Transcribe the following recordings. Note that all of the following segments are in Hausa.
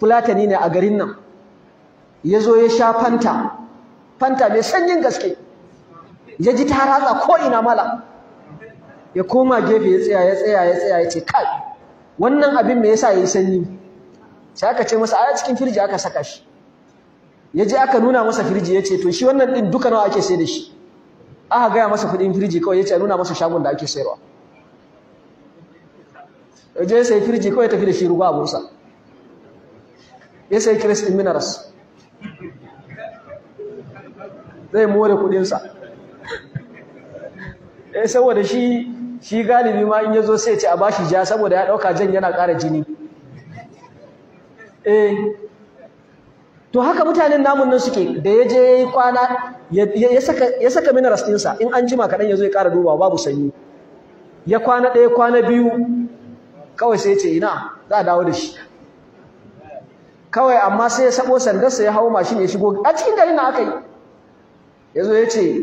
fulatani ne a garin nan ya zo ya sha fanta fanta mai sanyin gaske ya ji ta ratsa ko'ina mala ya koma gefe ya tsaya ya tsaya ya tsaya ya ce kai wannan abin me yasa ya yi sanyi sai aka ce masa a cikin firji aka saka shi ya je aka nuna masa firji ya ce to shi wannan ɗin duka nawa ake sai da shi aka gaya masa kuɗin firji kawai ya ce a nuna masa shagon da ake sayarwa ya je sai firji kawai tafi da shi ruwa a bursa ya sai kiris minerals zai more kudinsa eh saboda shi galibi ma in yazo sai ya ce a bashi ja saboda ya dauka jan yana ƙara jini eh to haka mutanen namun nan suke da ya je yi kwana ya saka minaras minerals ɗinsa in an jima kaɗan yazo ya ƙara duba babu sanyi ya kwana ɗaya kwana biyu kawai sai ya ce ina za a dawo da shi kawai amma sai ya sabo sandarsa ya hau mashin ya shigo a cikin garin nan aka yi ya zo ya ce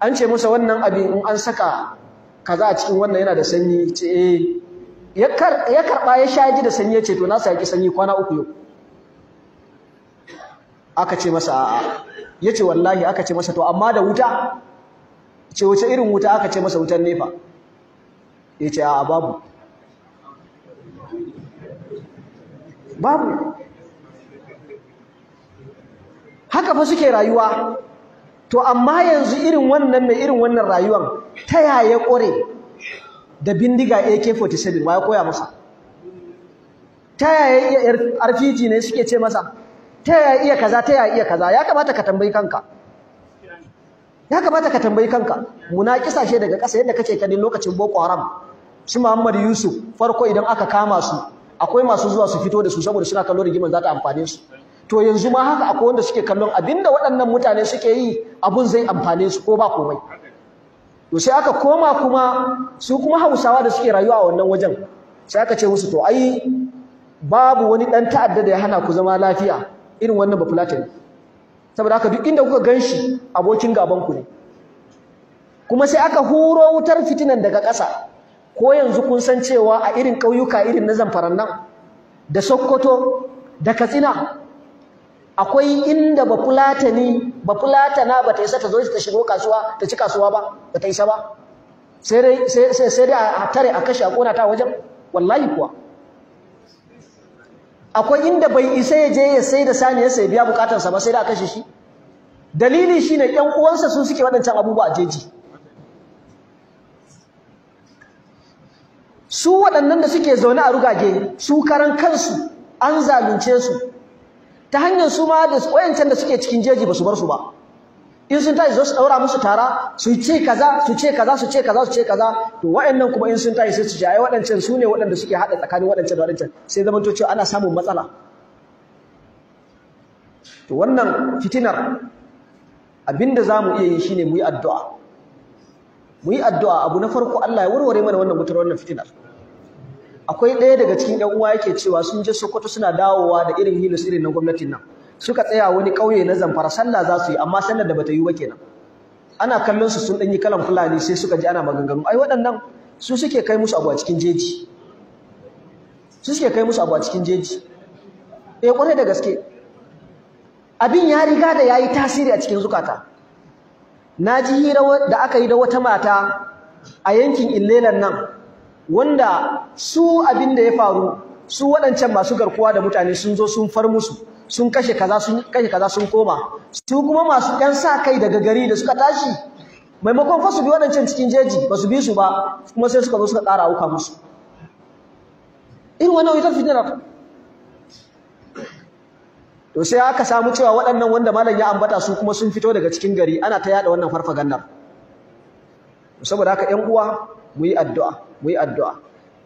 an ce musa wannan abin in an saka kaza a cikin wannan yana da sanyi ce eh ya karɓa ya sha ji da sanyi ya ce to na yaki sanyi kwana uku yau aka ce masa a'a ya ce wallahi aka ce masa to amma da wuta ce wace irin wuta aka ce masa wutar nefa ya ce a'a babu babu haka fa suke rayuwa to amma yanzu irin wannan mai irin wannan rayuwan ta yaya kore da bindiga AK47 ya koya masa ta yaya RPG ne suke ce masa ta yaya iya kaza ta yaya iya kaza ya kamata ka tambayi kanka ya kamata ka tambayi kanka munakisa she daga ƙasa yadda kace kadin lokacin Boko Haram su Muhammad Yusuf farko idan aka kama su akwai masu zuwa su fito da su saboda suna kallon rigimar za ta amfane su to yanzu ma haka akwai wanda suke kallon abinda waɗannan mutane suke yi abun zai amfane su ko ba komai to sai aka koma kuma su kuma hausawa da suke rayuwa a wannan wajen sai aka ce musu to ai babu wani ɗan ta'adda da ya hana ku zama lafiya irin wannan ne saboda haka duk inda kuka gan shi abokin gaban ku ne kuma sai aka huro wutar fitinan daga ƙasa ko yanzu kun san cewa a irin ƙauyuka irin na zamfaran nan da sokoto da katsina akwai inda ba ni ba na ba ta isa ta zo ta shigo kasuwa ta ci kasuwa ba ba ta isa ba sai dai sai sai a tare a kashe a kona ta wajen wallahi kuwa akwai inda bai isa ya je ya sai da sani ya sai biya bukatarsa ba sai da a kashe shi dalili shine ƴan uwansa su suke waɗancan abubuwa a jeji su waɗannan da suke zaune a rugage su karan kansu an zalunce su ta hanyar su ma da wayancan da suke cikin jeji ba su bar su ba in sun tashi za su daura musu tara su ce kaza su ce kaza su ce kaza su ce kaza to wayannan kuma in sun tashi sai su ce ai waɗancan su ne waɗanda suke haɗa tsakanin waɗancan da waɗancan sai zaman to cewa ana samun matsala to wannan fitinar abinda za mu iya yi shine mu yi addu'a mu yi addu'a abu na farko Allah ya warware mana wannan mutar wannan fitinar akwai ɗaya daga cikin 'yan uwa yake cewa sun je Sokoto suna dawowa da irin hilis irin na gwamnatin nan suka tsaya wani ƙauye na Zamfara sallah za su yi amma sallar da bata yi ba kenan ana kallon su sun ɗanyi kalan fulani sai suka ji ana maganganu ai waɗannan su suke kai musu abu a cikin jeji su suke kai musu abu a cikin jeji eh kwarai da gaske abin ya riga da yayi tasiri a cikin zukata Na ji hira da aka yi da wata mata a yankin Illelan nan wanda su abin da ya faru su waɗancan masu garkuwa da mutane sun zo sun far musu sun kashe kaza sun kashe kaza sun koma su kuma masu ɗan sa kai daga gari da suka tashi maimakon fa su bi waɗancan cikin jeji ba su bi su ba kuma sai suka zo suka ƙara auka musu irin wani ita fitina to sai aka samu cewa waɗannan wanda malam ya ambata su kuma sun fito daga cikin gari ana ta yaɗa wannan farfagandar saboda haka 'yan uwa mu yi addu'a mu yi addu'a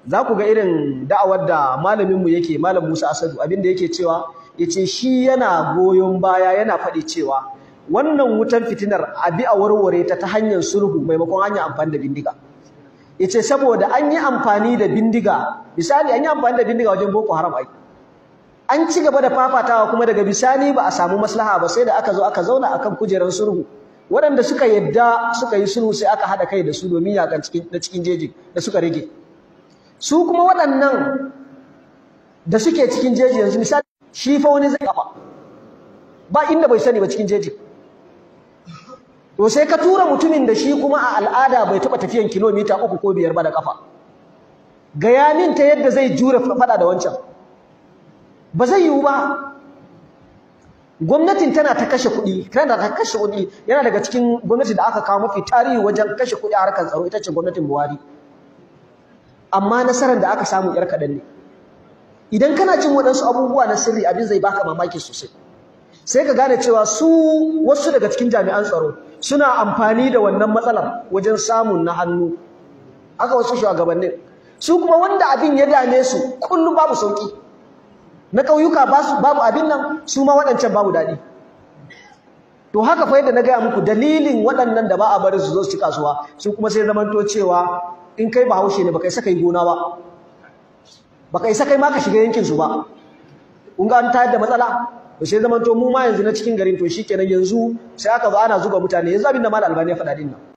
za ku ga irin da'awar da malaminmu yake malam Musa Asadu abin abinda yake cewa Ya ce shi yana goyon baya yana faɗi cewa wannan wutan fitinar abi a warware ta ta hanyar sulhu maimakon hanyar amfani da bindiga Ya ce saboda an yi amfani da bindiga misali an yi amfani da bindiga wajen Boko Haram ai an ci gaba da fafatawa kuma daga bisani ba a samu maslaha ba sai da aka zo aka zauna akan kujerar sulhu waɗanda suka yadda suka yi sulhu sai aka haɗa kai da su domin yakan na cikin jeji da suka rage su kuma waɗannan da suke cikin jeji yanzu misali shi fa wani zai kafa ba inda bai sani ba cikin jeji to sai ka tura mutumin da shi kuma a al'ada bai taɓa tafiyan kilomita uku ko biyar ba da kafa gaya min ta yadda zai jure faɗa da wancan ba zai yiwu ba gwamnatin tana ta kashe kuɗi tana ta kashe kuɗi yana daga cikin gwamnati da aka kawo mafi tarihi wajen kashe kuɗi a harkar tsaro ita ce gwamnatin buhari amma nasarar da aka samu yar kaɗan ne idan kana cin waɗansu abubuwa na sirri abin zai baka mamaki sosai sai ka gane cewa su wasu daga cikin jami'an tsaro suna amfani da wannan matsalar wajen samun na hannu aka wasu shugabannin su kuma wanda abin ya dame su kullum babu sauki na ƙauyuka babu abin nan su ma waɗancan babu daɗi to haka fa yadda na gaya muku dalilin waɗannan da ba a bari su zo su ci kasuwa su kuma sai zamanto cewa in kai bahaushe ne baka isa yi gona ba ba kai sakai ma ka shiga yankin su ba kun ga an tayar da matsala to sai zamanto mu ma yanzu na cikin garin to shikenan yanzu sai aka zo ana zuga mutane yanzu abin da mal albani ya faɗa din